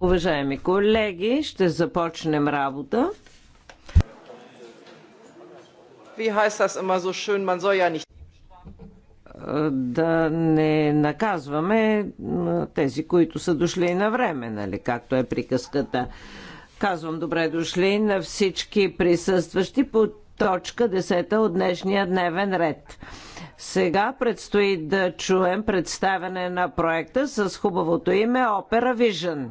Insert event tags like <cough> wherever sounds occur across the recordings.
Уважаеми колеги, ще започнем работа. Да не наказваме тези, които са дошли на време, нали, както е приказката. Казвам добре дошли на всички присъстващи по точка 10 от днешния дневен ред. Сега предстои да чуем представяне на проекта с хубавото име Opera Vision.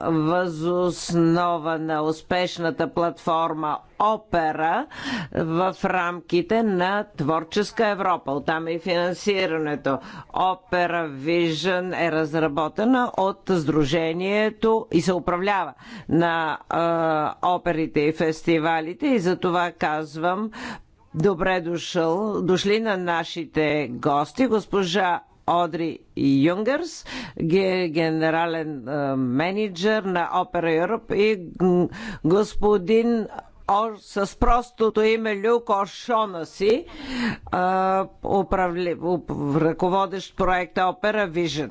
Възоснова на успешната платформа Опера в рамките на Творческа Европа. Оттам е и финансирането. Опера Vision е разработена от Сдружението и се управлява на е, оперите и фестивалите и за това казвам Добре дошъл, дошли на нашите гости, госпожа Одри Юнгърс, генерален менеджер на Opera Europe и господин с простото име Люк Ошона си, управли, ръководещ проекта Opera Vision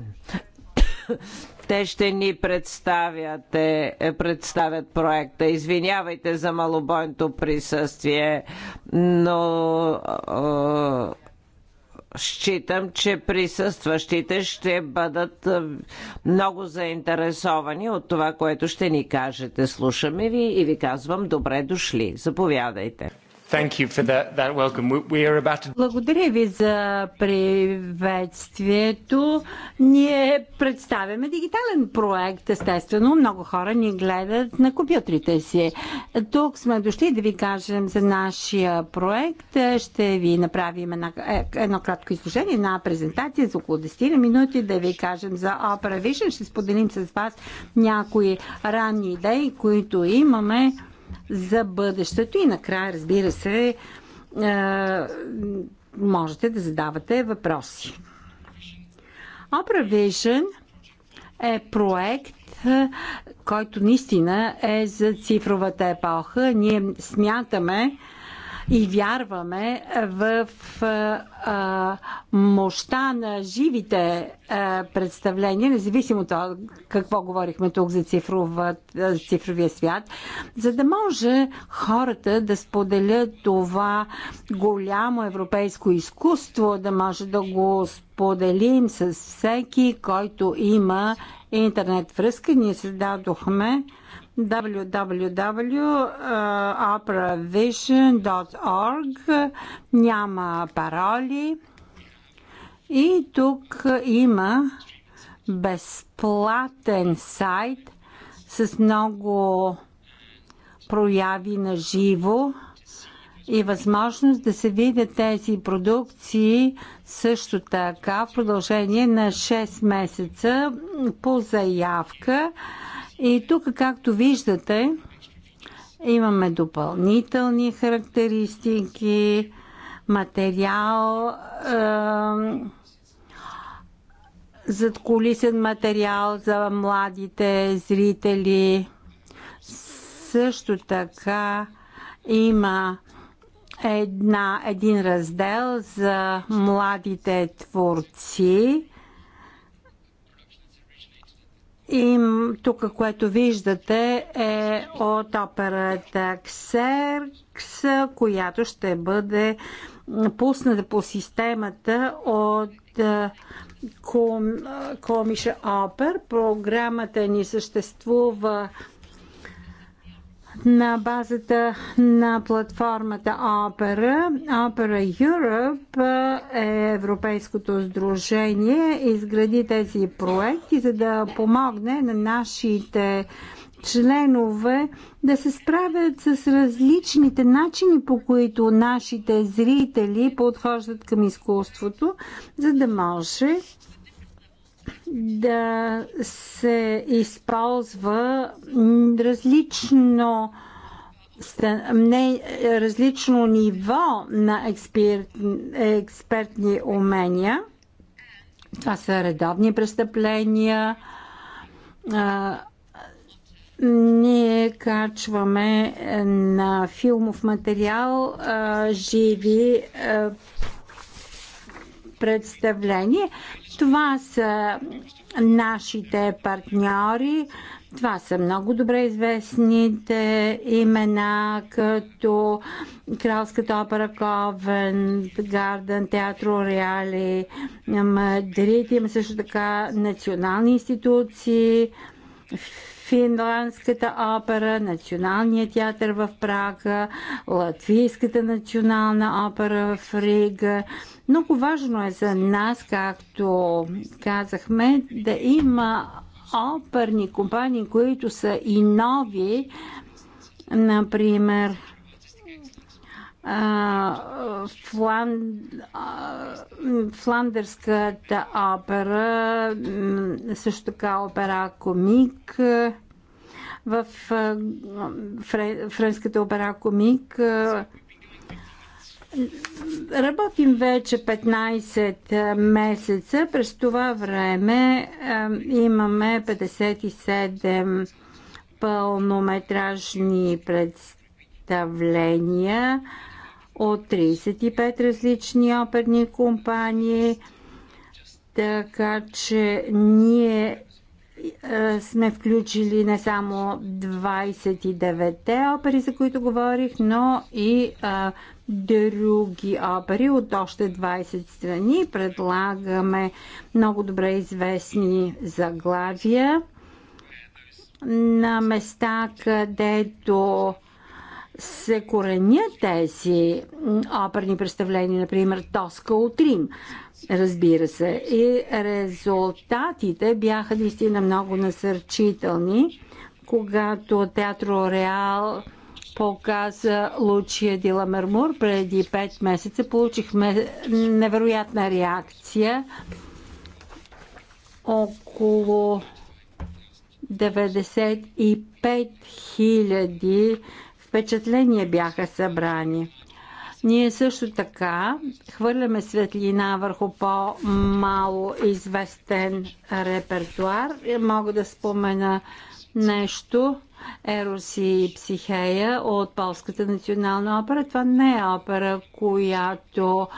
те ще ни представят, е, представят проекта. Извинявайте за малобойното присъствие, но считам, че присъстващите ще бъдат е, много заинтересовани от това, което ще ни кажете. Слушаме ви и ви казвам добре дошли. Заповядайте. That, that to... Благодаря ви за приветствието. Ние представяме дигитален проект, естествено. Много хора ни гледат на компютрите си. Тук сме дошли да ви кажем за нашия проект. Ще ви направим една, е, едно кратко изложение, една презентация за около 10 минути, да ви кажем за Opera Vision. Ще споделим с вас някои ранни идеи, които имаме за бъдещето. И накрая, разбира се, е, можете да задавате въпроси. Opera Vision е проект, е, който наистина е за цифровата епоха. Ние смятаме, и вярваме в а, мощта на живите а, представления, независимо от това какво говорихме тук за цифрова, цифровия свят, за да може хората да споделят това голямо европейско изкуство, да може да го споделим с всеки, който има интернет връзка. Ние създадохме www.opravision.org няма пароли и тук има безплатен сайт с много прояви на живо и възможност да се видят тези продукции също така в продължение на 6 месеца по заявка. И тук, както виждате, имаме допълнителни характеристики, материал, зад колисен материал за младите зрители. Също така има една, един раздел за младите творци и тук, което виждате, е от операта Ксеркс, която ще бъде пусната по системата от е, Комиша Опер. Програмата ни съществува на базата на платформата Opera. Opera Europe е Европейското сдружение, изгради тези проекти, за да помогне на нашите членове да се справят с различните начини, по които нашите зрители подхождат към изкуството, за да може да се използва различно не, различно ниво на експерт, експертни умения. Това са редовни престъпления. ние качваме на филмов материал живи представление. Това са нашите партньори. Това са много добре известните имена, като Кралската опера Ковен, Гарден, Театро Реали, Мадрид. Има също така национални институции, Финландската опера, Националния театър в Прага, Латвийската национална опера в Рига, много важно е за нас, както казахме, да има оперни компании, които са и нови, например, Флан... Фландерската опера, също така опера Комик, в Френската опера Комик, Работим вече 15 месеца. През това време имаме 57 пълнометражни представления от 35 различни оперни компании. Така че ние сме включили не само 29 опери, за които говорих, но и други опери от още 20 страни. Предлагаме много добре известни заглавия на места, където се коренят тези оперни представления, например Тоска от Рим, разбира се. И резултатите бяха наистина много насърчителни, когато Театро Реал показа Лучия Дила Мермур преди 5 месеца. Получихме невероятна реакция. Около 95 000 впечатления бяха събрани. Ние също така хвърляме светлина върху по-мало известен репертуар. Мога да спомена нещо Ерос и Психея от Полската национална опера. Това не е опера, която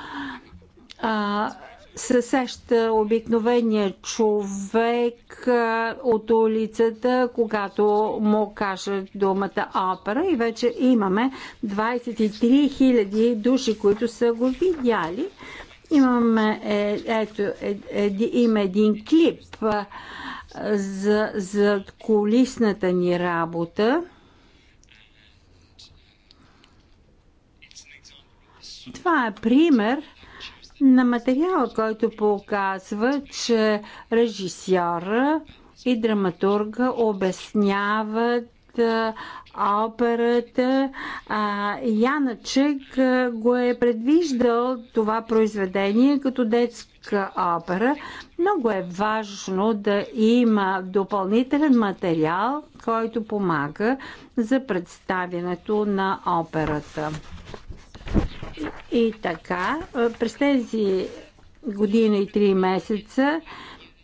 а, се сеща обикновения човек а, от улицата, когато му кажат думата опера и вече имаме 23 000 души, които са го видяли. Имаме, е, ето, е, е, има един клип за, за колисната ни работа. Това е пример на материала, който показва, че режисьора и драматурга обясняват операта. А, Яначек го е предвиждал това произведение като детска опера. Много е важно да има допълнителен материал, който помага за представянето на операта. И така, през тези година и три месеца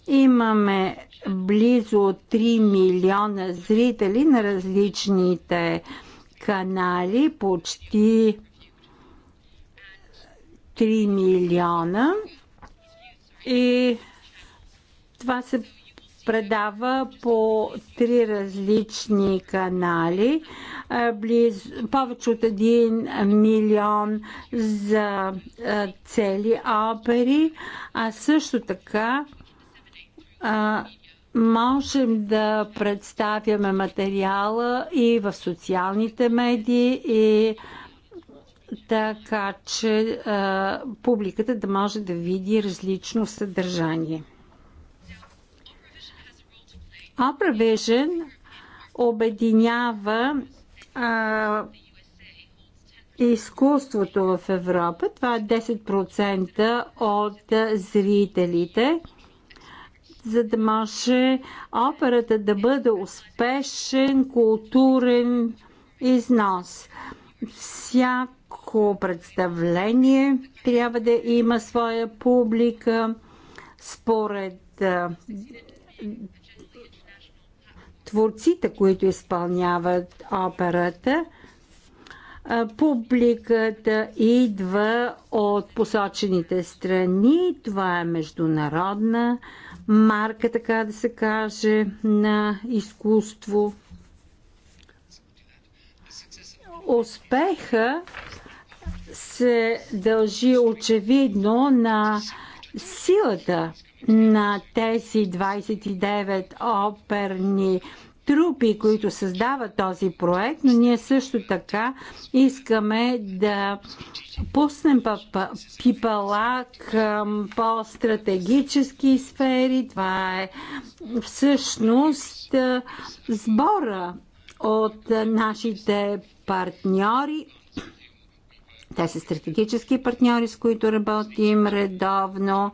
имаме близо 3 милиона зрители на различните канали, почти 3 милиона. И това се предава по три различни канали, близ, повече от 1 милион за цели опери, а също така можем да представяме материала и в социалните медии и така, че а, публиката да може да види различно съдържание. Opera Vision обединява а, изкуството в Европа. Това е 10% от зрителите – за да може операта да бъде успешен културен износ. Всяко представление трябва да има своя публика според творците, които изпълняват операта – Публиката идва от посочените страни. Това е международна марка, така да се каже, на изкуство. Успеха се дължи очевидно на силата на тези 29 оперни трупи, които създават този проект, но ние също така искаме да пуснем пипала към по-стратегически сфери. Това е всъщност сбора от нашите партньори, те са стратегически партньори, с които работим редовно.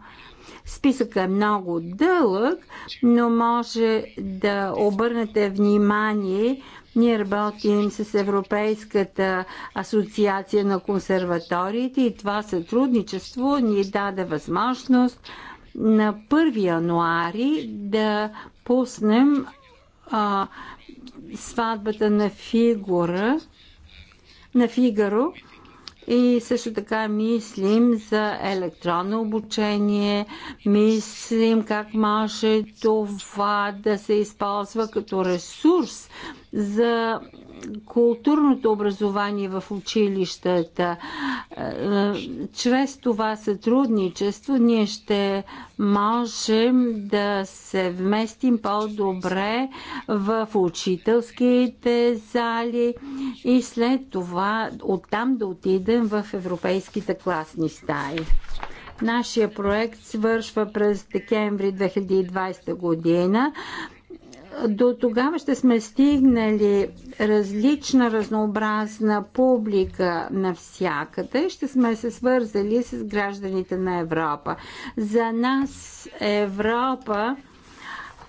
Списъкът е много дълъг, но може да обърнете внимание ние работим с Европейската асоциация на консерваториите и това сътрудничество ни даде възможност на 1 януари да пуснем а, сватбата на фигура на Фигаро и също така мислим за електронно обучение, мислим как може това да се използва като ресурс за културното образование в училищата. Е, чрез това сътрудничество ние ще можем да се вместим по-добре в учителските зали и след това оттам да отидем в европейските класни стаи. Нашия проект свършва през декември 2020 година. До тогава ще сме стигнали различна разнообразна публика навсякъде. Ще сме се свързали с гражданите на Европа. За нас Европа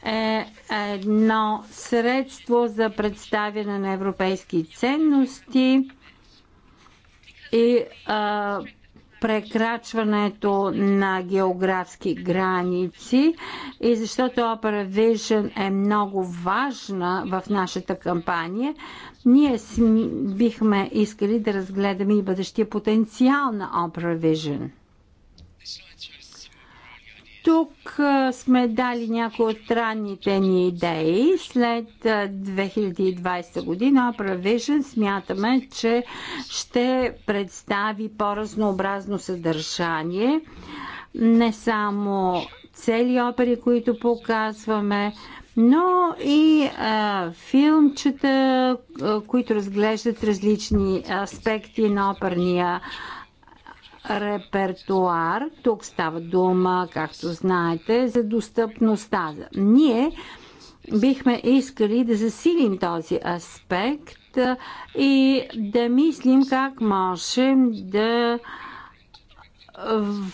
е едно средство за представяне на европейски ценности и а, прекрачването на географски граници и защото Opera Vision е много важна в нашата кампания, ние бихме искали да разгледаме и бъдещия потенциал на Opera Vision. Тук сме дали някои от ранните ни идеи. След 2020 година Vision смятаме, че ще представи по-разнообразно съдържание. Не само цели опери, които показваме, но и а, филмчета, които разглеждат различни аспекти на оперния репертуар. Тук става дума, както знаете, за достъпността. Ние бихме искали да засилим този аспект и да мислим как можем да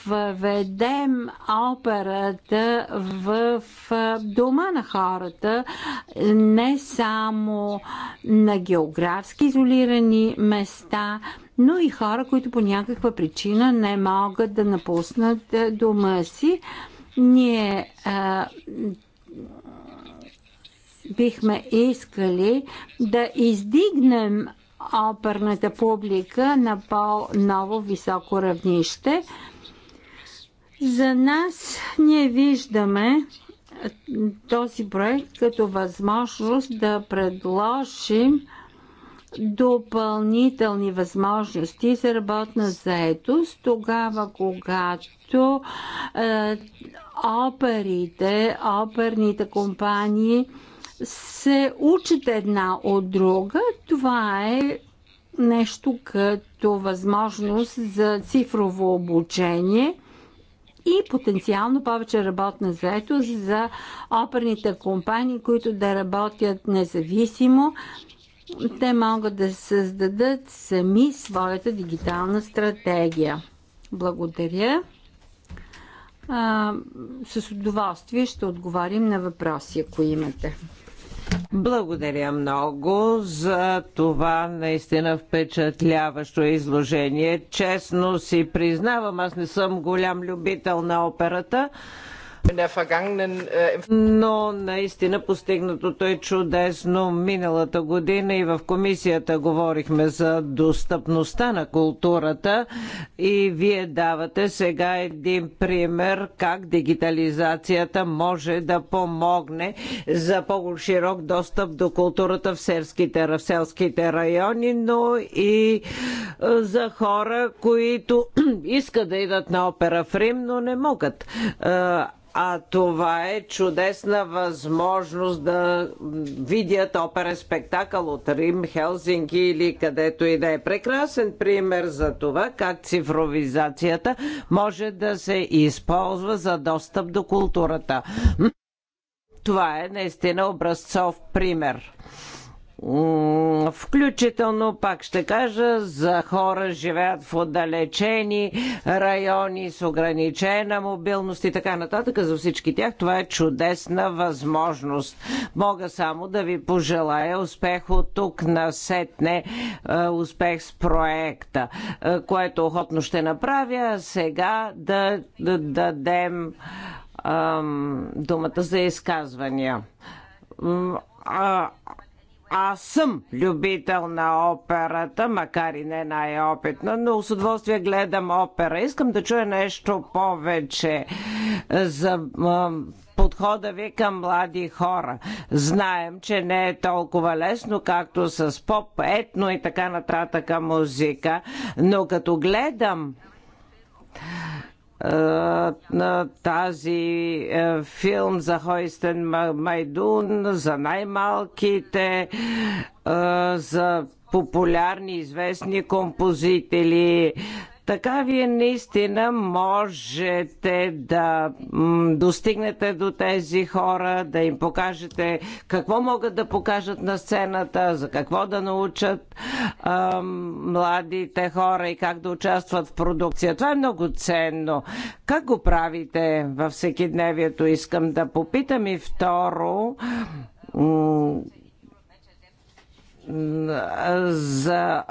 въведем операта в дома на хората, не само на географски изолирани места, но и хора, които по някаква причина не могат да напуснат дома си. Ние а, бихме искали да издигнем оперната публика на по-ново високо равнище. За нас ние виждаме този проект като възможност да предложим допълнителни възможности за работна заетост, тогава когато е, оперите, оперните компании се учат една от друга. Това е нещо като възможност за цифрово обучение и потенциално повече работна заетост за оперните компании, които да работят независимо. Те могат да създадат сами своята дигитална стратегия. Благодаря. с удоволствие ще отговорим на въпроси, ако имате. Благодаря много за това наистина впечатляващо изложение. Честно си признавам, аз не съм голям любител на операта, Äh, но наистина постигнатото е чудесно. Миналата година и в комисията говорихме за достъпността на културата и вие давате сега един пример как дигитализацията може да помогне за по-широк достъп до културата в селските, в селските райони, но и е, за хора, които <clears throat> искат да идат на опера в Рим, но не могат е, а това е чудесна възможност да видят оперен спектакъл от Рим, Хелзинки или където и да е. Прекрасен пример за това как цифровизацията може да се използва за достъп до културата. Това е наистина образцов пример включително, пак ще кажа, за хора живеят в отдалечени райони с ограничена мобилност и така нататък. За всички тях това е чудесна възможност. Мога само да ви пожелая успех от тук на сетне, е, успех с проекта, е, което охотно ще направя. Сега да, да дадем ам, думата за изказвания. А, аз съм любител на операта, макар и не най-опитна, но с удоволствие гледам опера. Искам да чуя нещо повече за подхода ви към млади хора. Знаем, че не е толкова лесно, както с поп, етно и така нататък музика, но като гледам на тази филм за Хойстен Майдун, за най-малките, за популярни, известни композители. Така вие наистина можете да достигнете до тези хора, да им покажете какво могат да покажат на сцената, за какво да научат а, младите хора и как да участват в продукция. Това е много ценно. Как го правите във всекидневието, искам да попитам и второ за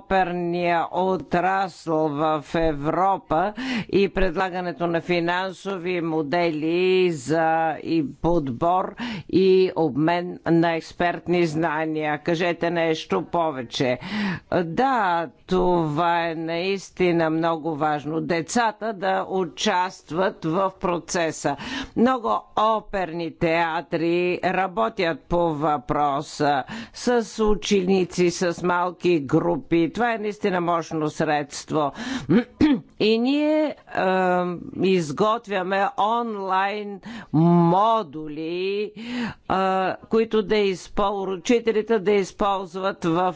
оперния отрасъл в Европа и предлагането на финансови модели за и подбор и обмен на експертни знания. Кажете нещо повече. Да, това е наистина много важно. Децата да участват в процеса. Много оперни театри работят по въпроса с ученици с малки групи. Това е наистина мощно средство. <clears throat> И ние е, изготвяме онлайн модули, е, които да използват, учителите да използват в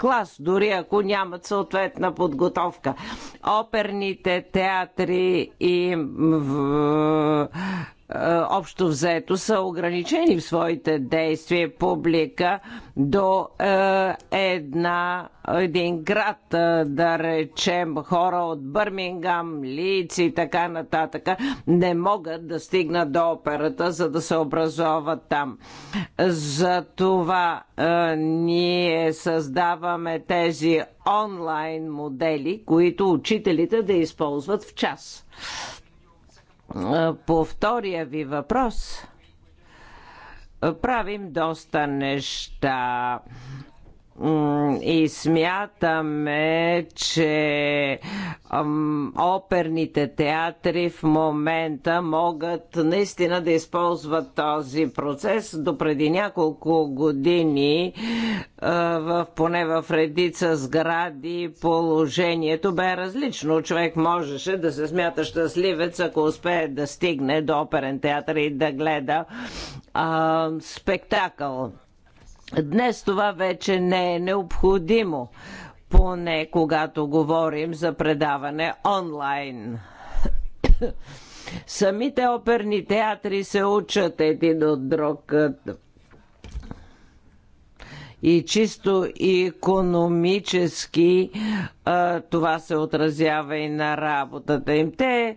клас, дори ако нямат съответна подготовка. Оперните театри и е, общо взето са ограничени в своите действия публика до е, една, един град, е, да речем хора от Бърмингам, Лици и така нататък, не могат да стигнат до операта, за да се образоват там. Затова е, ние създаваме тези онлайн модели, които учителите да използват в час. По втория ви въпрос правим доста неща и смятаме, че оперните театри в момента могат наистина да използват този процес. До преди няколко години, в, поне в редица сгради, положението бе различно. Човек можеше да се смята щастливец, ако успее да стигне до оперен театър и да гледа а, спектакъл Днес това вече не е необходимо, поне когато говорим за предаване онлайн. Самите оперни театри се учат един от друг и чисто економически това се отразява и на работата им. Те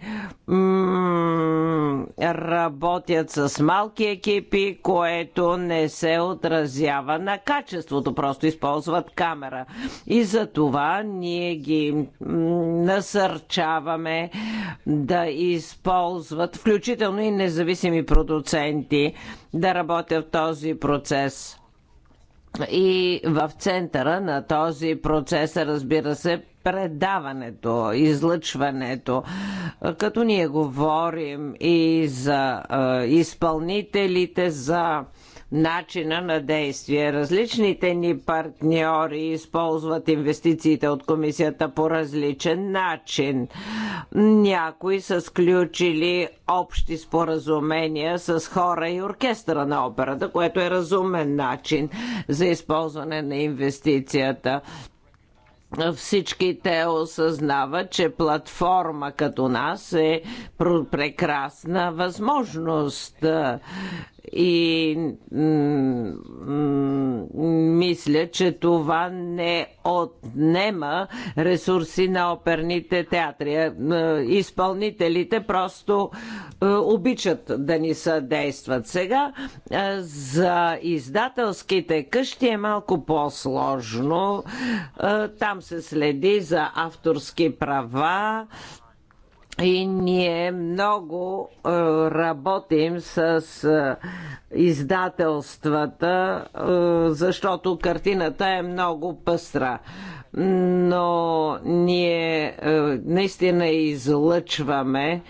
работят с малки екипи, което не се отразява на качеството, просто използват камера. И за това ние ги насърчаваме да използват, включително и независими продуценти, да работят в този процес. И в центъра на този процес, разбира се, предаването, излъчването. Като ние говорим и за изпълнителите, за начина на действие. Различните ни партньори използват инвестициите от комисията по различен начин. Някои са сключили общи споразумения с хора и оркестъра на операта, което е разумен начин за използване на инвестицията. Всички те осъзнават, че платформа като нас е прекрасна възможност и мисля, че това не отнема ресурси на оперните театри. Е, изпълнителите просто е, обичат да ни съдействат. Сега е, за издателските къщи е малко по-сложно. Там се следи за авторски права, и ние много е, работим с е, издателствата, е, защото картината е много пъстра. Но ние наистина излъчваме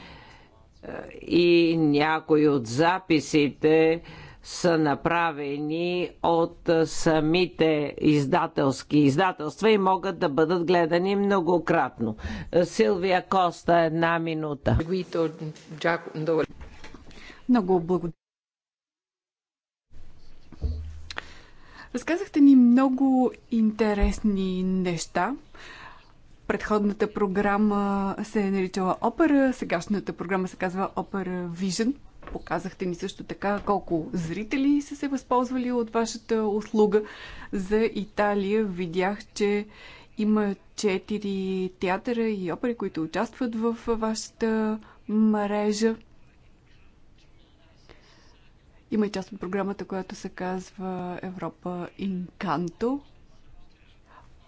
и някои от записите, са направени от самите издателски издателства и могат да бъдат гледани многократно. Силвия Коста, една минута. Много благодаря. Разказахте ни много интересни неща. Предходната програма се е наричала Опера, сегашната програма се казва Опера Вижен. Показахте ни също така колко зрители са се възползвали от вашата услуга. За Италия видях, че има четири театъра и опери, които участват в вашата мрежа. Има и част от програмата, която се казва Европа Инканто.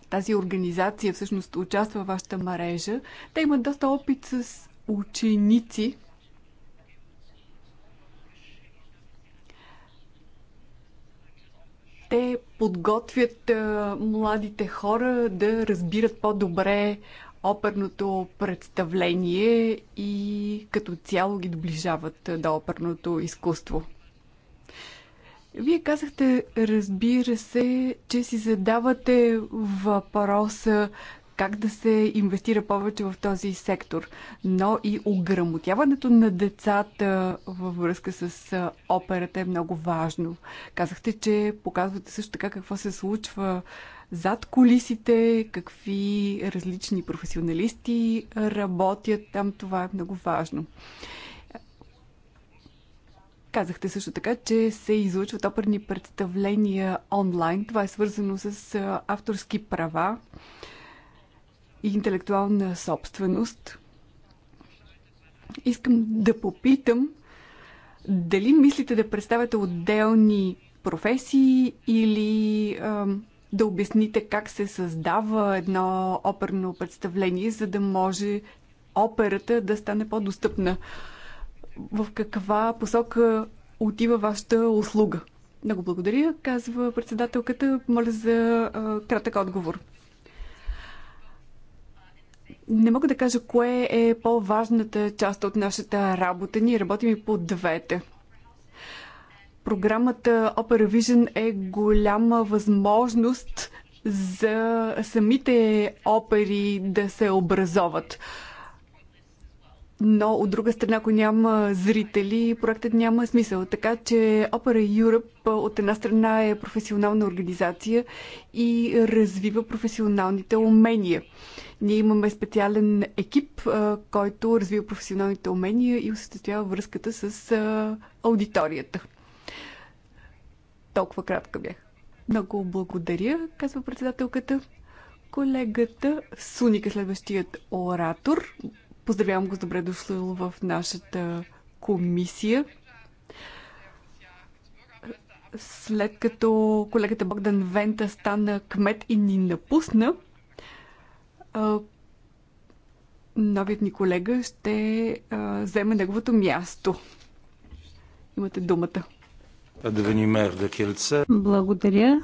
Тази организация всъщност участва в вашата мрежа. Те имат доста опит с ученици, те подготвят младите хора да разбират по-добре оперното представление и като цяло ги доближават до оперното изкуство. Вие казахте, разбира се, че си задавате въпроса как да се инвестира повече в този сектор, но и ограмотяването на децата във връзка с операта е много важно. Казахте, че показвате също така какво се случва зад колисите, какви различни професионалисти работят там. Това е много важно. Казахте също така, че се излучват оперни представления онлайн. Това е свързано с авторски права и интелектуална собственост, искам да попитам дали мислите да представяте отделни професии или а, да обясните как се създава едно оперно представление, за да може операта да стане по-достъпна. В каква посока отива вашата услуга? Много благодаря, казва председателката. Моля за а, кратък отговор. Не мога да кажа кое е по-важната част от нашата работа. Ние работим и по двете. Програмата Opera Vision е голяма възможност за самите опери да се образоват но от друга страна, ако няма зрители, проектът няма смисъл. Така че Opera Europe от една страна е професионална организация и развива професионалните умения. Ние имаме специален екип, който развива професионалните умения и осъществява връзката с аудиторията. Толкова кратка бях. Много благодаря, казва председателката. Колегата Суника, е следващият оратор. Поздравявам го с добре дошъл в нашата комисия. След като колегата Богдан Вента стана кмет и ни напусна, новият ни колега ще вземе неговото място. Имате думата. Благодаря.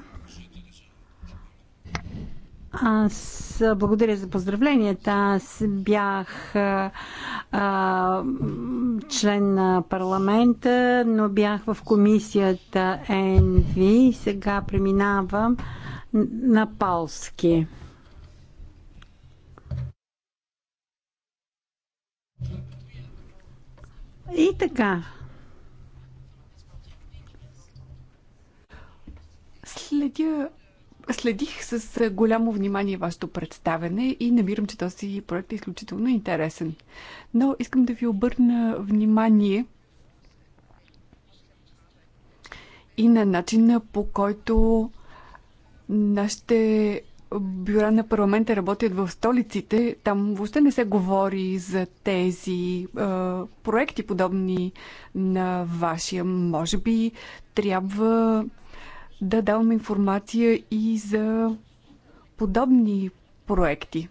Аз благодаря за поздравленията. Аз бях а, а, член на парламента, но бях в комисията НВ. Сега преминавам на полски. И така. Следя Следих с голямо внимание вашето представене и намирам, че този проект е изключително интересен. Но искам да ви обърна внимание и на начина по който нашите бюра на парламента работят в столиците. Там въобще не се говори за тези е, проекти, подобни на вашия. Може би трябва да даваме информация и за подобни проекти.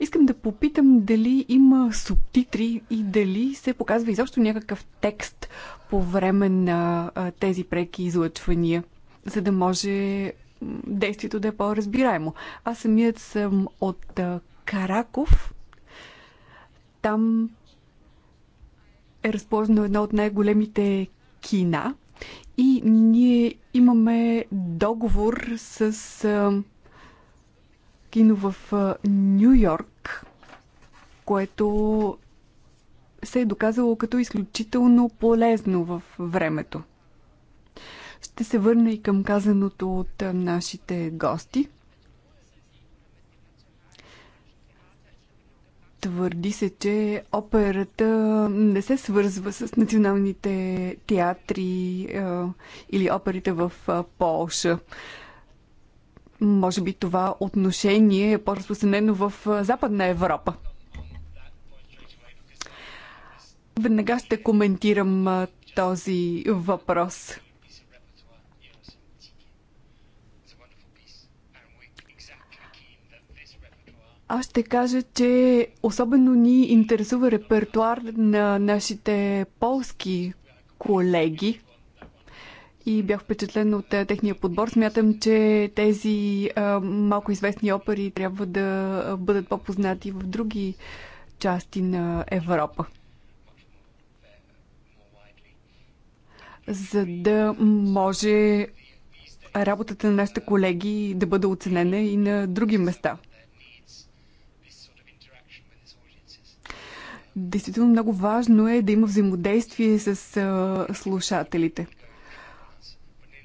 Искам да попитам дали има субтитри и дали се показва изобщо някакъв текст по време на тези преки излъчвания, за да може действието да е по-разбираемо. Аз самият съм от Караков. Там е разположено едно от най-големите кина. И ние имаме договор с кино в Нью Йорк, което се е доказало като изключително полезно в времето. Ще се върна и към казаното от нашите гости – Твърди се, че операта не се свързва с националните театри е, или оперите в е, Полша. Може би това отношение е по-разпространено в е, Западна Европа. Веднага ще коментирам този въпрос. Аз ще кажа, че особено ни интересува репертуар на нашите полски колеги и бях впечатлен от е, техния подбор. Смятам, че тези а, е, малко известни опери трябва да е, бъдат по-познати в други части на Европа. За да може работата на нашите колеги да бъде оценена и на други места. Действително много важно е да има взаимодействие с слушателите.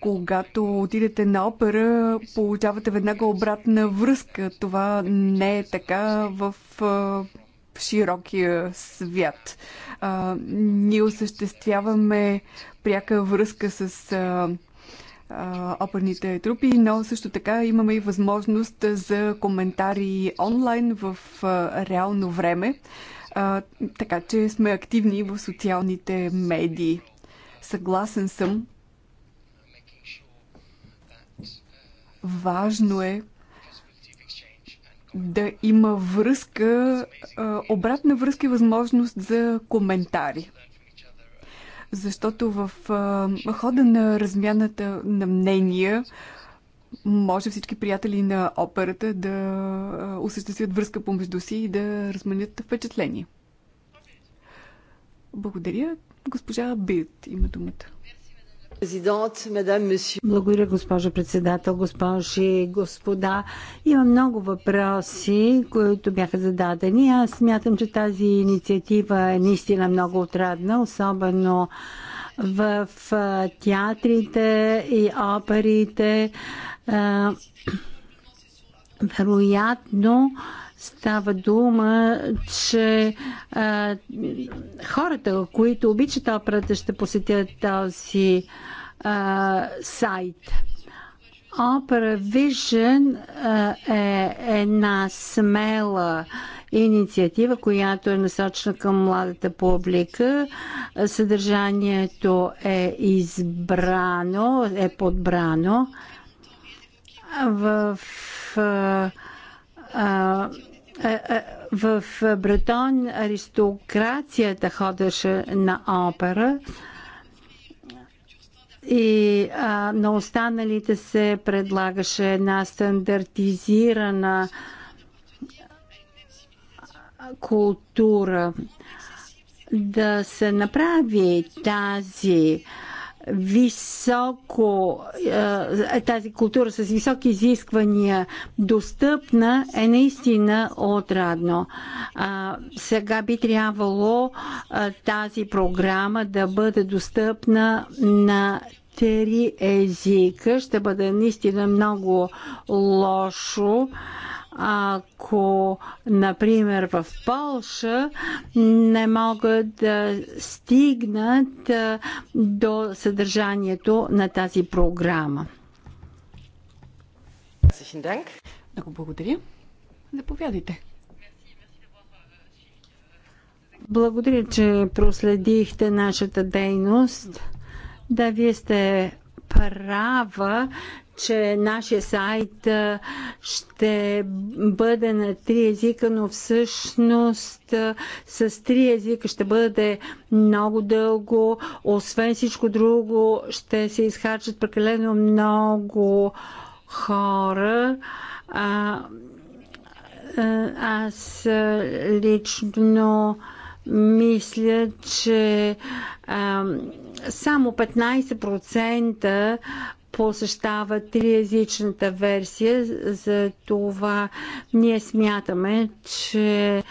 Когато отидете на опера, получавате веднага обратна връзка. Това не е така в широкия свят. А, ние осъществяваме пряка връзка с а, а, оперните трупи, но също така имаме и възможност за коментари онлайн в а, реално време. А, така че сме активни в социалните медии. Съгласен съм. Важно е да има връзка, обратна връзка и възможност за коментари. Защото в хода на размяната на мнения може всички приятели на операта да осъществят връзка помежду си и да разменят впечатление. Благодаря. Госпожа Бит има думата. Благодаря, госпожо председател, госпожи и господа. Има много въпроси, които бяха зададени. Аз смятам, че тази инициатива е наистина много отрадна, особено в театрите и оперите вероятно става дума, че а, хората, които обичат операта, ще посетят този а, сайт. Opera Vision е една смела инициатива, която е насочена към младата публика. Съдържанието е избрано, е подбрано в в Бретон аристокрацията ходеше на опера и а, на останалите се предлагаше една стандартизирана култура. Да се направи тази а, високо, е, е, тази култура с високи изисквания достъпна е наистина отрадно. Сега би трябвало тази програма да бъде достъпна на три езика. Ще бъде наистина много лошо ако, например, в Полша не могат да стигнат до съдържанието на тази програма. Много благодаря. Заповядайте. Благодаря, че проследихте нашата дейност. Да, вие сте права, че нашия сайт ще бъде на три езика, но всъщност с три езика ще бъде много дълго. Освен всичко друго, ще се изхарчат прекалено много хора. А, аз лично мисля, че а, само 15% посещава триязичната версия, за това ние смятаме, че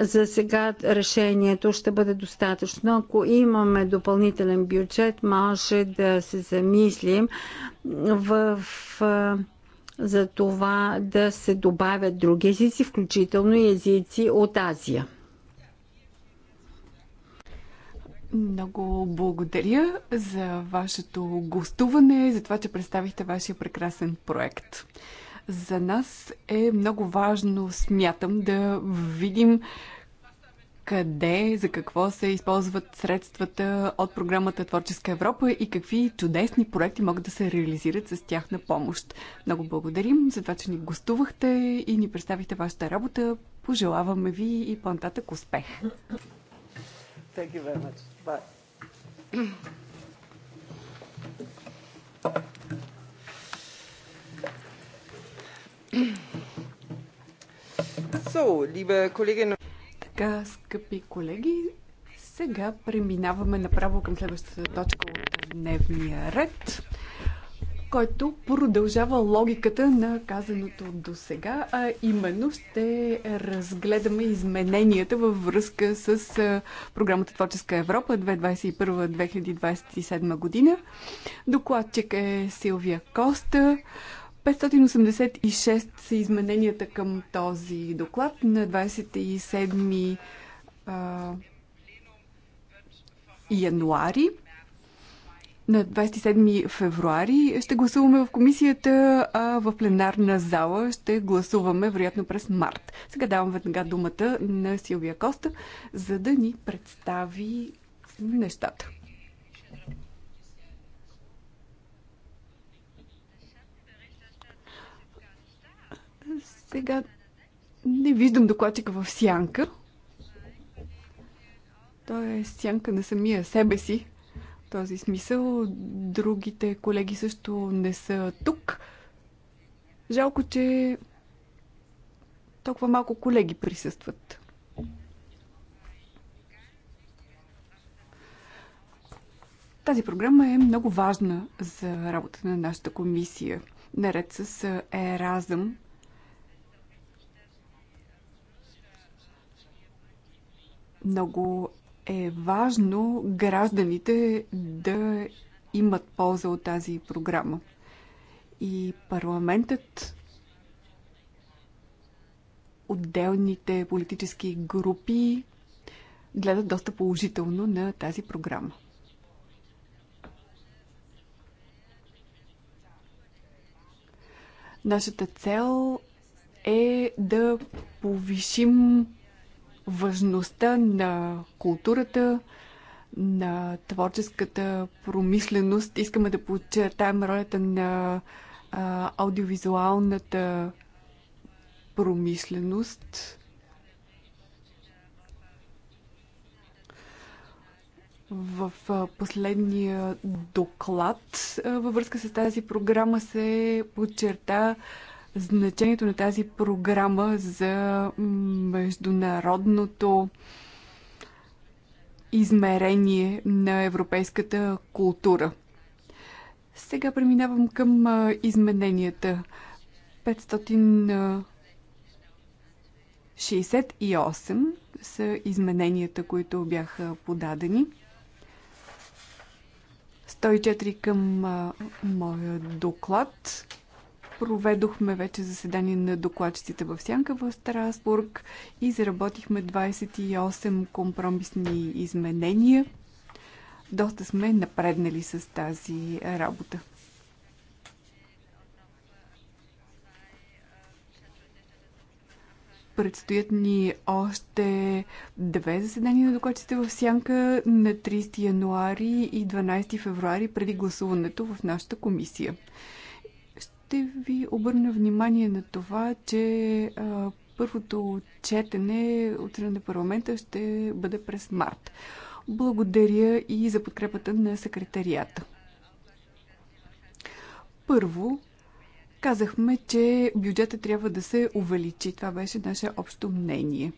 за сега решението ще бъде достатъчно. Ако имаме допълнителен бюджет, може да се замислим в за това да се добавят други езици, включително и езици от Азия. Много благодаря за вашето гостуване, за това, че представихте вашия прекрасен проект. За нас е много важно, смятам, да видим къде, за какво се използват средствата от програмата Творческа Европа и какви чудесни проекти могат да се реализират с тях на помощ. Много благодарим за това, че ни гостувахте и ни представихте вашата работа. Пожелаваме ви и по-нататък успех. Thank you very much but so, liebe Kolleginnen така, скъпи колеги, сега преминаваме направо към следващата точка от дневния ред който продължава логиката на казаното до сега, а именно ще разгледаме измененията във връзка с програмата Творческа Европа 2021-2027 година. Докладчик е Силвия Коста. 586 са измененията към този доклад на 27 януари на 27 февруари. Ще гласуваме в комисията, а в пленарна зала ще гласуваме вероятно през март. Сега давам веднага думата на Силвия Коста, за да ни представи нещата. Сега не виждам докладчика в сянка. Той е сянка на самия себе си този смисъл. Другите колеги също не са тук. Жалко, че толкова малко колеги присъстват. Тази програма е много важна за работата на нашата комисия. Наред с Еразъм, много е важно гражданите да имат полза от тази програма. И парламентът, отделните политически групи гледат доста положително на тази програма. Нашата цел е да повишим важността на културата, на творческата промисленост. Искаме да подчертаем ролята на а, аудиовизуалната промисленост. В последния доклад във връзка с тази програма се подчерта значението на тази програма за международното измерение на европейската култура. Сега преминавам към измененията. 568 са измененията, които бяха подадени. 104 към моя доклад. Проведохме вече заседание на докладчиците в Сянка в Страсбург и заработихме 28 компромисни изменения. Доста сме напреднали с тази работа. Предстоят ни още две заседания на докладчите в Сянка на 30 януари и 12 февруари преди гласуването в нашата комисия. Ще ви обърна внимание на това, че а, първото четене от на парламента ще бъде през март. Благодаря и за подкрепата на секретарията. Първо, казахме, че бюджета трябва да се увеличи. Това беше наше общо мнение.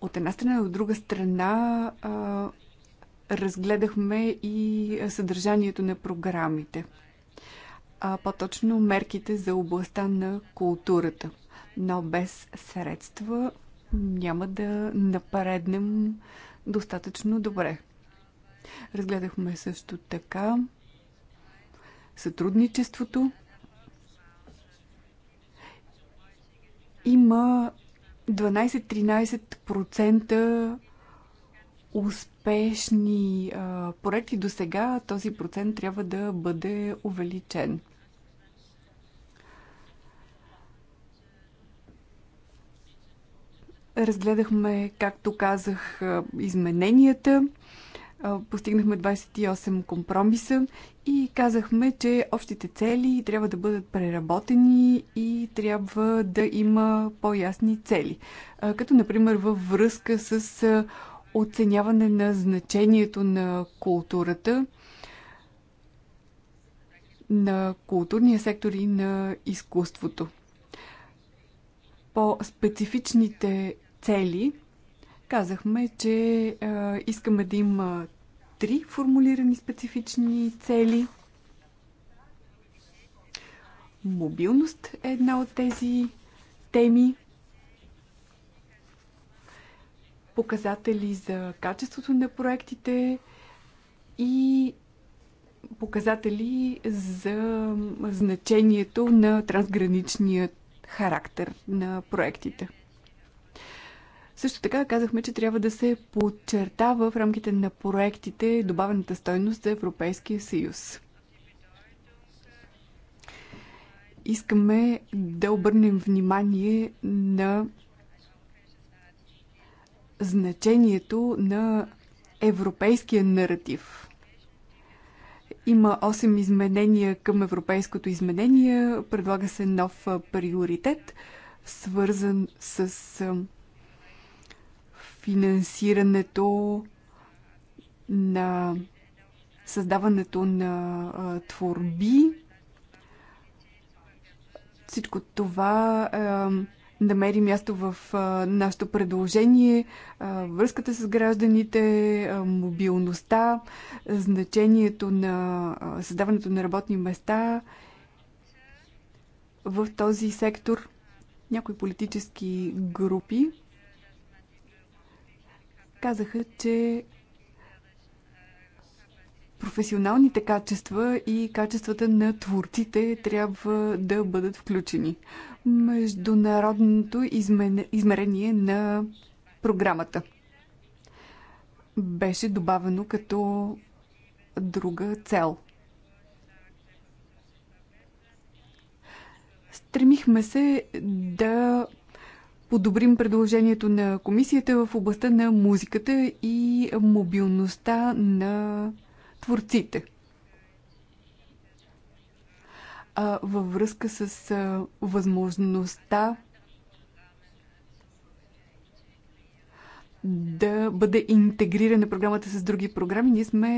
От една страна, от друга страна, а, разгледахме и съдържанието на програмите – а по-точно мерките за областта на културата. Но без средства няма да напреднем достатъчно добре. Разгледахме също така сътрудничеството. Има 12-13% успешни а, проекти до сега, този процент трябва да бъде увеличен. Разгледахме, както казах, измененията. Постигнахме 28 компромиса и казахме, че общите цели трябва да бъдат преработени и трябва да има по-ясни цели. Като, например, във връзка с оценяване на значението на културата, на културния сектор и на изкуството. По-специфичните цели, казахме, че а, искаме да има три формулирани специфични цели. Мобилност е една от тези теми. Показатели за качеството на проектите и показатели за значението на трансграничния характер на проектите. Също така казахме, че трябва да се подчертава в рамките на проектите добавената стойност за Европейския съюз. Искаме да обърнем внимание на значението на европейския наратив. Има 8 изменения към европейското изменение. Предлага се нов приоритет, свързан с финансирането на създаването на творби. Всичко това намери място в нашето предложение, връзката с гражданите, мобилността, значението на създаването на работни места в този сектор. Някои политически групи казаха, че професионалните качества и качествата на творците трябва да бъдат включени. Международното измерение на програмата беше добавено като друга цел. Стремихме се да подобрим предложението на комисията в областта на музиката и мобилността на творците. А, във връзка с възможността да бъде интегрирана програмата с други програми, ние сме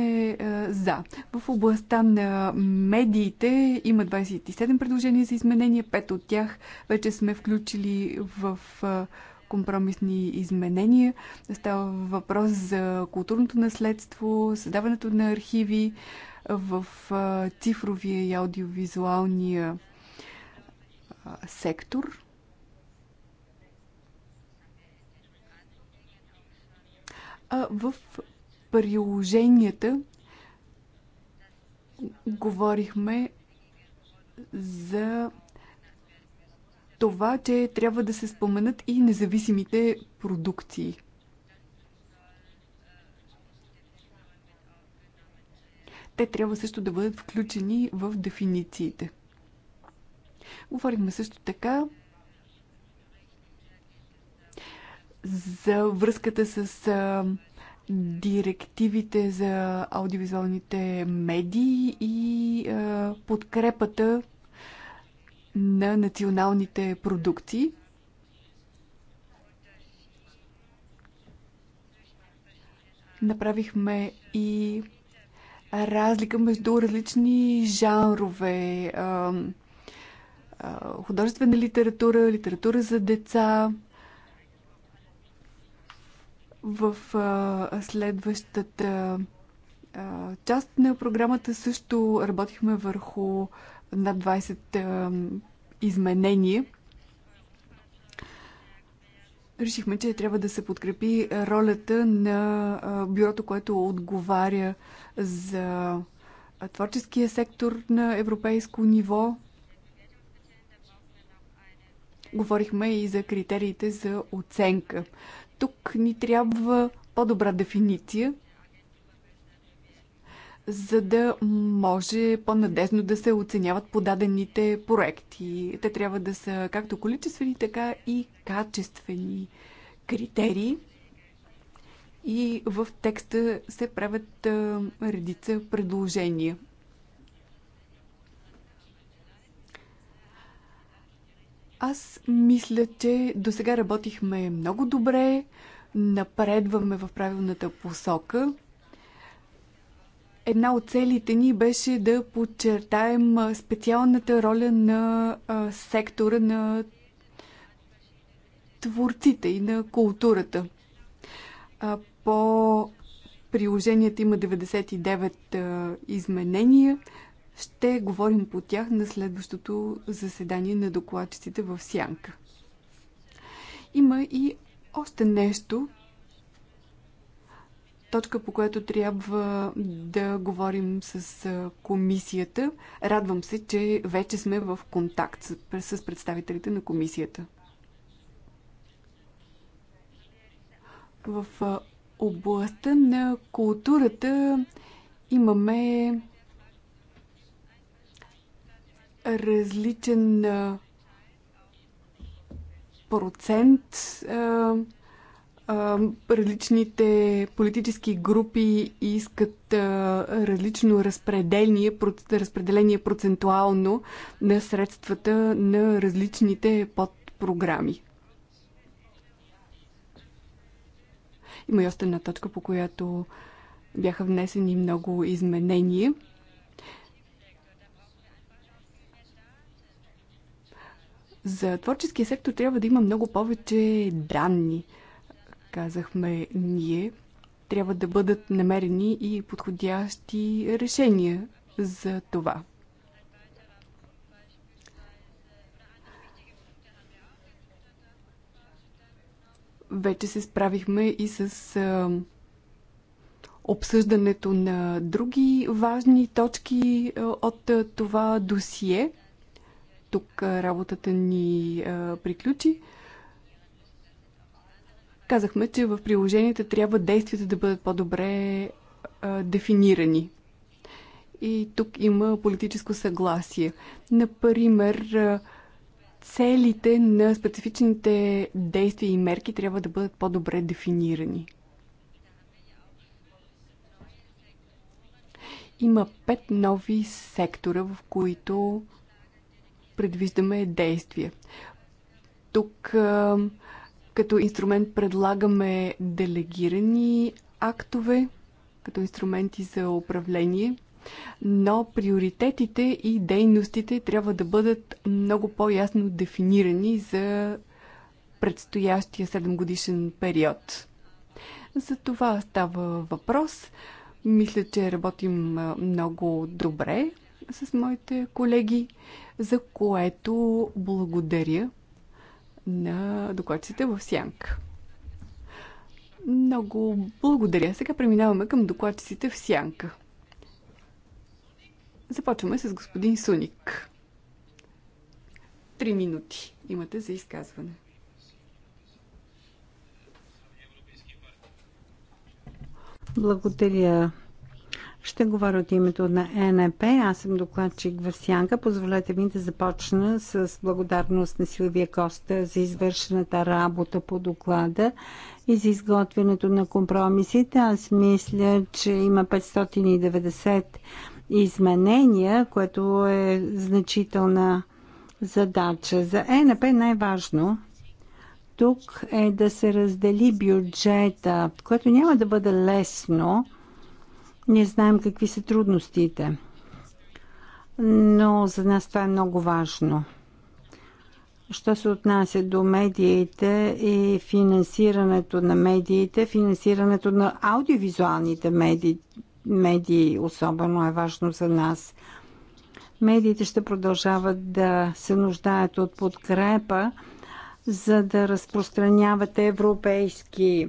а, е, за. В областта на медиите има 27 предложения за изменения, 5 от тях вече сме включили в а, е, компромисни изменения. Става въпрос за културното наследство, създаването на архиви в а, е, цифровия и аудиовизуалния сектор а в приложенията говорихме за това, че трябва да се споменат и независимите продукции. Те трябва също да бъдат включени в дефинициите. Говорихме също така за връзката с а, директивите за аудиовизуалните медии и а, подкрепата на националните продукции. Направихме и разлика между различни жанрове. А, художествена литература, литература за деца, в а, следващата а, част на програмата също работихме върху над 20 а, изменения. Решихме, че трябва да се подкрепи ролята на а, бюрото, което отговаря за творческия сектор на европейско ниво. Говорихме и за критериите за оценка. Тук ни трябва по-добра дефиниция, за да може по-надежно да се оценяват подадените проекти. Те трябва да са както количествени, така и качествени критерии. И в текста се правят редица предложения. Аз мисля, че до сега работихме много добре, напредваме в правилната посока. Една от целите ни беше да подчертаем специалната роля на сектора на творците и на културата. По приложението има 99 изменения. Ще говорим по тях на следващото заседание на докладчиците в Сянка. Има и още нещо, точка, по която трябва да говорим с комисията. Радвам се, че вече сме в контакт с представителите на комисията. В областта на културата имаме различен процент, различните политически групи искат различно разпределение, разпределение процентуално на средствата на различните подпрограми. Има и още една точка, по която бяха внесени много изменения – За творческия сектор трябва да има много повече данни, казахме ние. Трябва да бъдат намерени и подходящи решения за това. Вече се справихме и с обсъждането на други важни точки от това досие – тук работата ни а, приключи. Казахме, че в приложенията трябва действията да бъдат по-добре дефинирани. И тук има политическо съгласие. Например, целите на специфичните действия и мерки трябва да бъдат по-добре дефинирани. Има пет нови сектора, в които предвиждаме действия. Тук като инструмент предлагаме делегирани актове, като инструменти за управление, но приоритетите и дейностите трябва да бъдат много по-ясно дефинирани за предстоящия 7-годишен период. За това става въпрос. Мисля, че работим много добре с моите колеги, за което благодаря на докладците в Сянка. Много благодаря. Сега преминаваме към докладчиците в Сянка. Започваме с господин Суник. Три минути имате за изказване. Благодаря, ще говоря от името на ЕНП. Аз съм докладчик в Сянка. Позволете ми да започна с благодарност на Силвия Коста за извършената работа по доклада и за изготвянето на компромисите. Аз мисля, че има 590 изменения, което е значителна задача. За ЕНП най-важно тук е да се раздели бюджета, което няма да бъде лесно – ние знаем какви са трудностите, но за нас това е много важно. Що се отнася до медиите и финансирането на медиите, финансирането на аудиовизуалните медии, медии особено е важно за нас. Медиите ще продължават да се нуждаят от подкрепа, за да разпространяват европейски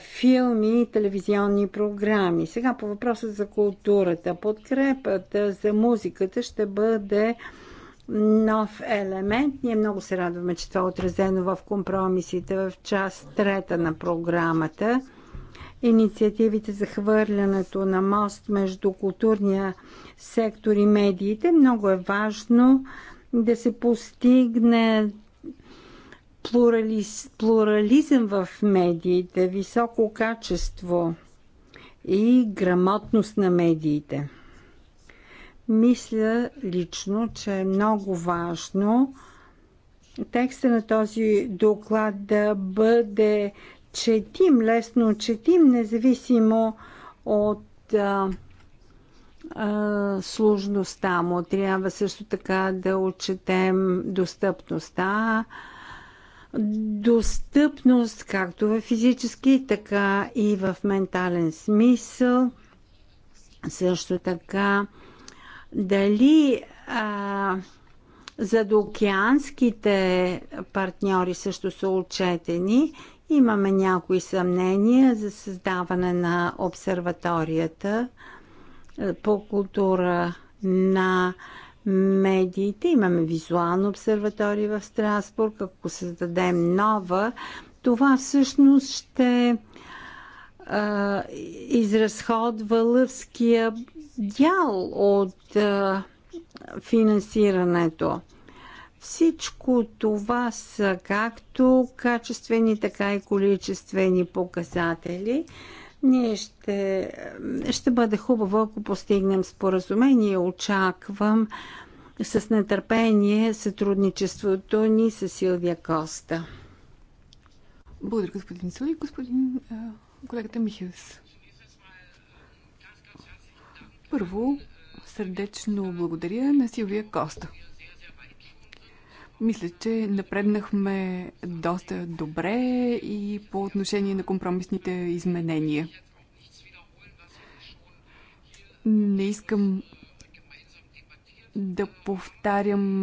филми и телевизионни програми. Сега по въпроса за културата. Подкрепата за музиката ще бъде нов елемент. Ние много се радваме, че това е отразено в компромисите в част трета на програмата. Инициативите за хвърлянето на мост между културния сектор и медиите. Много е важно да се постигне плурализ, плурализъм в медиите, високо качество и грамотност на медиите. Мисля лично, че е много важно текста на този доклад да бъде четим, лесно четим, независимо от а, а, сложността му. Трябва също така да отчетем достъпността, а, достъпност както в физически, така и в ментален смисъл. Също така, дали а, за океанските партньори също са отчетени. Имаме някои съмнения за създаване на обсерваторията по култура на медиите. Имаме визуална обсерватория в Страсбург. Ако създадем нова, това всъщност ще а, изразходва лъвския дял от а, финансирането. Всичко това са както качествени, така и количествени показатели. Ние ще, ще бъде хубаво, ако постигнем споразумение. Очаквам с нетърпение сътрудничеството ни с Силвия Коста. Благодаря, господин Сули, Господин а, колегата Михелс. Първо, сърдечно благодаря на Силвия Коста. Мисля, че напреднахме доста добре и по отношение на компромисните изменения. Не искам да повтарям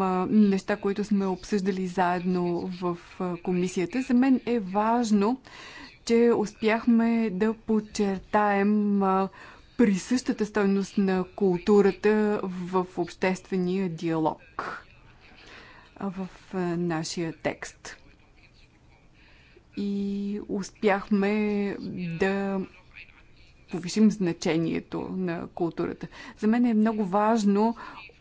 неща, които сме обсъждали заедно в комисията. За мен е важно, че успяхме да подчертаем присъщата стойност на културата в обществения диалог в е, нашия текст. И успяхме да повишим значението на културата. За мен е много важно,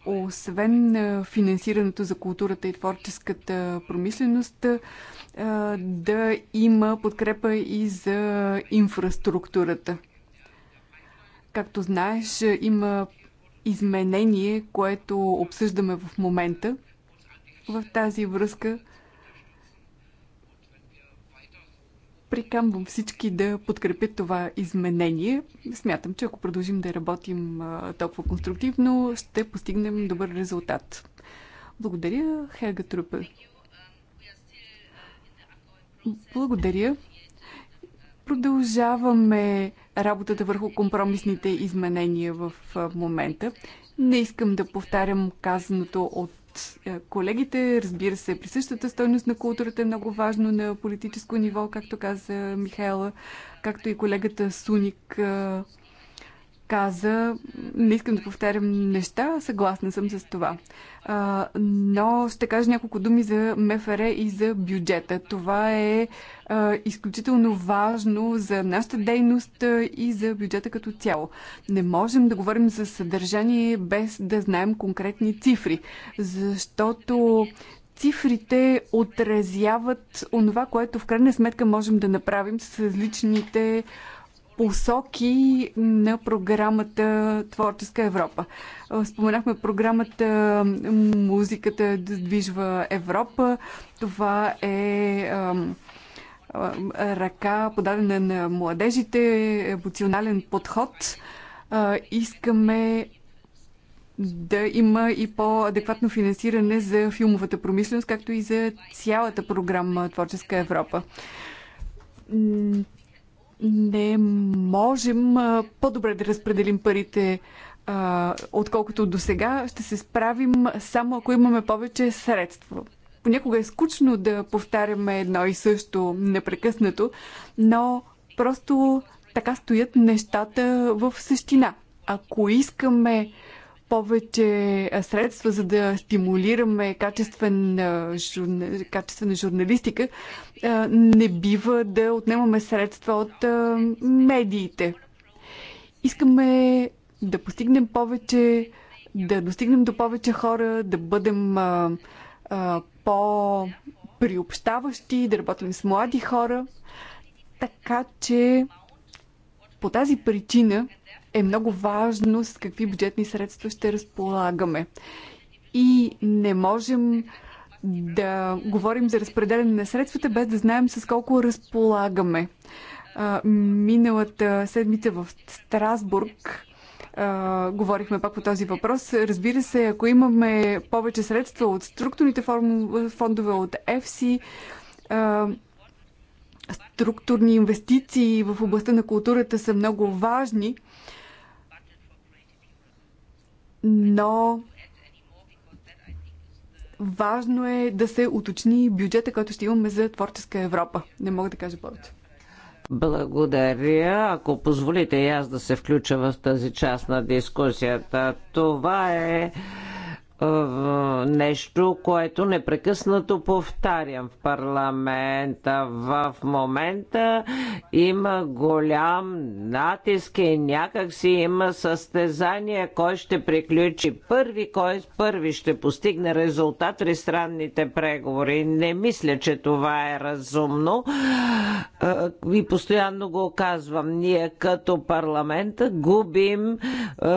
освен е, финансирането за културата и творческата промишленост, е, да има подкрепа и за инфраструктурата. Както знаеш, има изменение, което обсъждаме в момента – в тази връзка прикамвам всички да подкрепят това изменение. Смятам, че ако продължим да работим толкова конструктивно, ще постигнем добър резултат. Благодаря, Хелга Трупе. Благодаря. Продължаваме работата върху компромисните изменения в момента. Не искам да повтарям казаното от е, колегите. Разбира се, присъщата стойност на културата е много важно на политическо ниво, както каза Михайла, както и колегата Суник е, каза, не искам да повтарям неща, съгласна съм с това. А, но ще кажа няколко думи за МФР и за бюджета. Това е а, изключително важно за нашата дейност и за бюджета като цяло. Не можем да говорим за съдържание без да знаем конкретни цифри, защото цифрите отразяват онова, което в крайна сметка можем да направим с различните посоки на програмата Творческа Европа. Споменахме програмата Музиката движва Европа. Това е ръка подадена на младежите, емоционален подход. Искаме да има и по-адекватно финансиране за филмовата промишленост, както и за цялата програма Творческа Европа не можем по-добре да разпределим парите, отколкото до сега. Ще се справим само ако имаме повече средства. Понякога е скучно да повтаряме едно и също непрекъснато, но просто така стоят нещата в същина. Ако искаме повече средства, за да стимулираме качествена, журна, качествена журналистика, не бива да отнемаме средства от медиите. Искаме да постигнем повече, да достигнем до повече хора, да бъдем по-приобщаващи, да работим с млади хора. Така че по тази причина е много важно с какви бюджетни средства ще разполагаме. И не можем да говорим за разпределяне на средствата, без да знаем с колко разполагаме. А, миналата седмица в Страсбург а, говорихме пак по този въпрос. Разбира се, ако имаме повече средства от структурните фондове, от ЕФСИ, а, структурни инвестиции в областта на културата са много важни – но важно е да се уточни бюджета, който ще имаме за Творческа Европа. Не мога да кажа повече. Благодаря. Ако позволите и аз да се включа в тази част на дискусията, това е е, нещо, което непрекъснато повтарям в парламента. В момента има голям натиск и някак си има състезание кой ще приключи първи, кой първи ще постигне резултат при странните преговори. Не мисля, че това е разумно е, и постоянно го казвам. Ние като парламента губим е,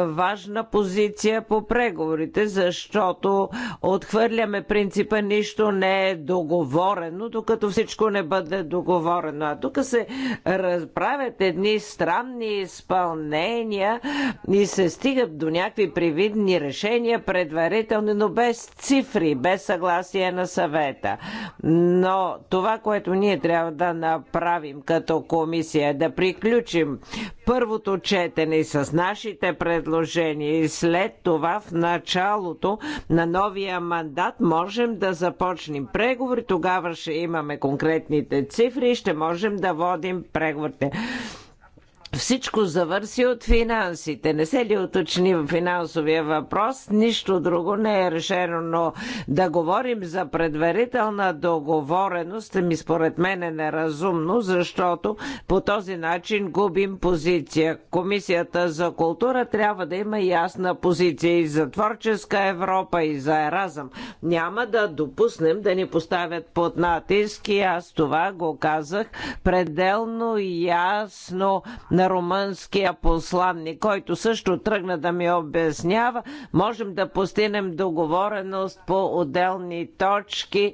важна позиция по преговорите, защото защото отхвърляме принципа нищо не е договорено, докато всичко не бъде договорено. А тук се разправят едни странни изпълнения и се стигат до някакви привидни решения предварителни, но без цифри, без съгласие на съвета. Но това, което ние трябва да направим като комисия е да приключим първото четене с нашите предложения и след това в началото на новия мандат можем да започнем преговори. Тогава ще имаме конкретните цифри и ще можем да водим преговорите. Всичко завърси от финансите. Не се ли уточни в финансовия въпрос? Нищо друго не е решено, но да говорим за предварителна договореност ми според мен е неразумно, защото по този начин губим позиция. Комисията за култура трябва да има ясна позиция и за творческа Европа, и за Еразъм. Няма да допуснем да ни поставят под натиск и аз това го казах пределно ясно на на румънския посланник, който също тръгна да ми обяснява, можем да постигнем договореност по отделни точки.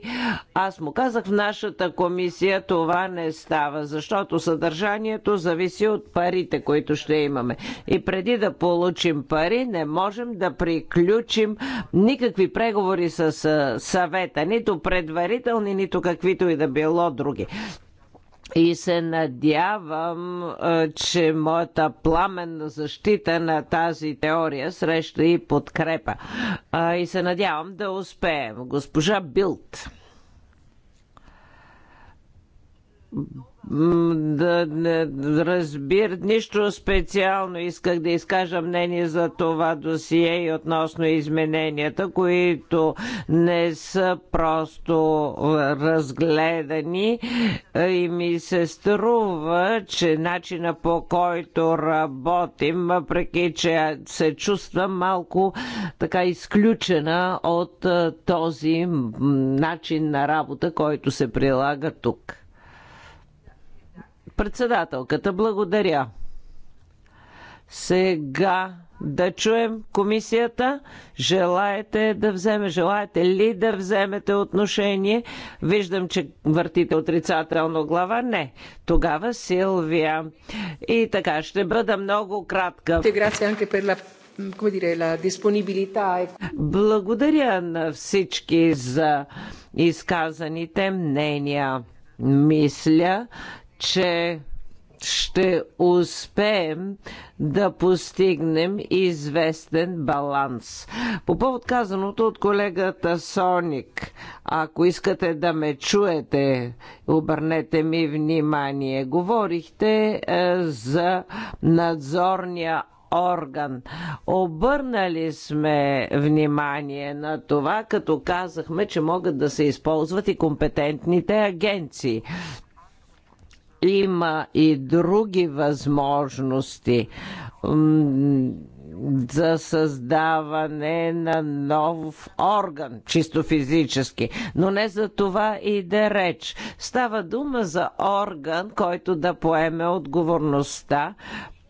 Аз му казах в нашата комисия това не става, защото съдържанието зависи от парите, които ще имаме. И преди да получим пари, не можем да приключим никакви преговори с съвета, нито предварителни, нито каквито и да било други и се надявам, че моята пламенна защита на тази теория среща и подкрепа. И се надявам да успеем. Госпожа Билт да не разбира нищо специално. Исках да изкажа мнение за това досие и относно измененията, които не са просто разгледани и ми се струва, че начина по който работим, въпреки че се чувствам малко така изключена от този начин на работа, който се прилага тук. Председателката, благодаря. Сега да чуем комисията. Желаете да вземе, желаете ли да вземете отношение? Виждам, че въртите отрицателно глава. Не. Тогава Силвия. И така, ще бъда много кратка. Е. Благодаря на всички за изказаните мнения. Мисля, че ще успеем да постигнем известен баланс. По повод казаното от колегата Соник, ако искате да ме чуете, обърнете ми внимание. Говорихте е, за надзорния орган. Обърнали сме внимание на това, като казахме, че могат да се използват и компетентните агенции. Има и други възможности за създаване на нов орган, чисто физически. Но не за това и да реч. Става дума за орган, който да поеме отговорността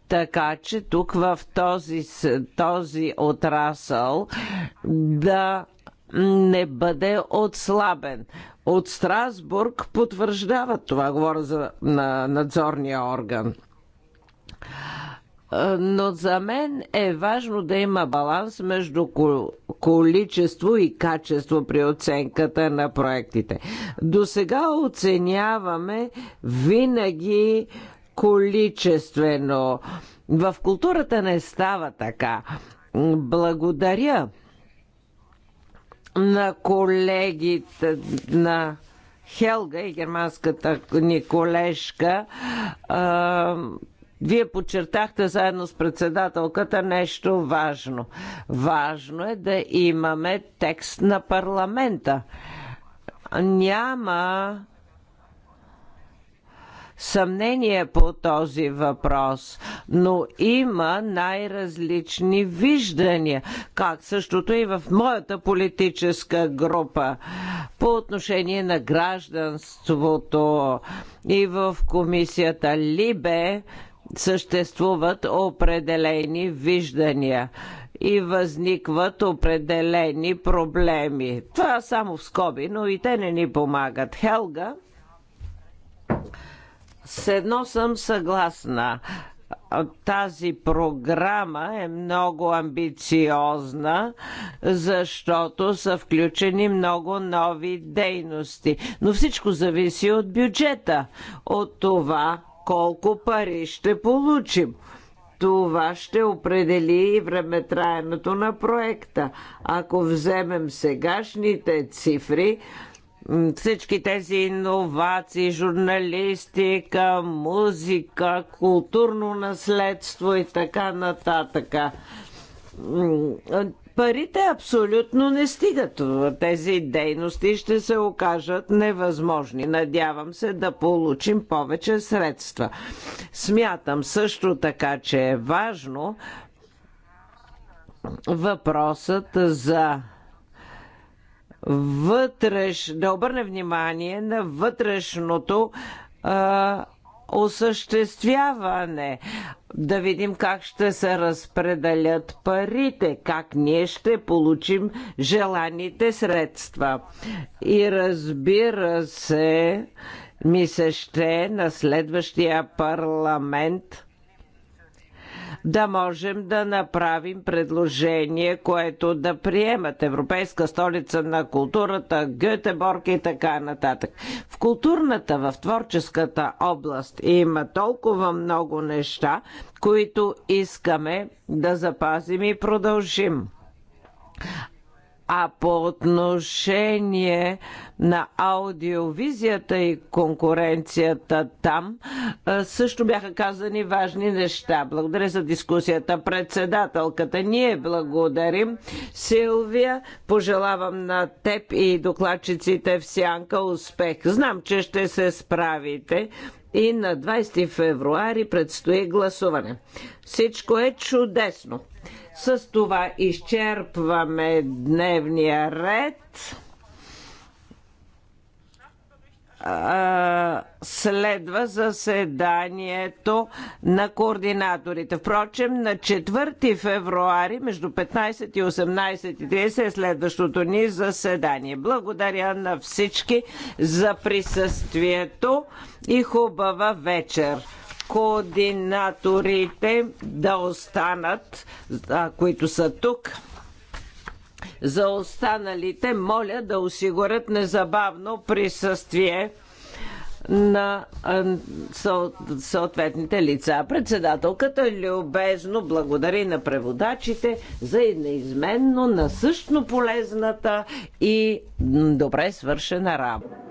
така че тук в този, този отрасъл да не бъде отслабен. От Страсбург потвърждават това, говоря за на надзорния орган. Е, но за мен е важно да има баланс между количество и качество при оценката на проектите. До сега оценяваме винаги количествено. В културата не става така. Благодаря на колегите на Хелга и германската ни колежка. А, вие подчертахте заедно с председателката нещо важно. Важно е да имаме текст на парламента. Няма съмнение по този въпрос, но има най-различни виждания, как същото и в моята политическа група по отношение на гражданството и в комисията Либе съществуват определени виждания и възникват определени проблеми. Това само в скоби, но и те не ни помагат. Хелга? С едно съм съгласна тази програма е много амбициозна, защото са включени много нови дейности. Но всичко зависи от бюджета, от това колко пари ще получим. Това ще определи и времетраеното на проекта. Ако вземем сегашните цифри, всички тези иновации, журналистика, музика, културно наследство и така нататък парите абсолютно не стигат. Тези дейности ще се окажат невъзможни. Надявам се да получим повече средства. Смятам също така, че е важно въпросът за вътреш, да обърне внимание на вътрешното а, осъществяване. Да видим как ще се разпределят парите, как ние ще получим желаните средства. И разбира се, ми се ще на следващия парламент да можем да направим предложение, което да приемат Европейска столица на културата, Гетеборг и така нататък. В културната, в творческата област има толкова много неща, които искаме да запазим и продължим. А по отношение на аудиовизията и конкуренцията там, също бяха казани важни неща. Благодаря за дискусията. Председателката, ние благодарим. Силвия, пожелавам на теб и докладчиците в Сянка успех. Знам, че ще се справите и на 20 февруари предстои гласуване. Всичко е чудесно. С това изчерпваме дневния ред. Следва заседанието на координаторите. Впрочем, на 4 февруари между 15 и 18.30 е следващото ни заседание. Благодаря на всички за присъствието и хубава вечер координаторите да останат, които са тук. За останалите моля да осигурят незабавно присъствие на съответните лица. Председателката любезно благодари на преводачите за неизменно насъщно полезната и добре свършена работа.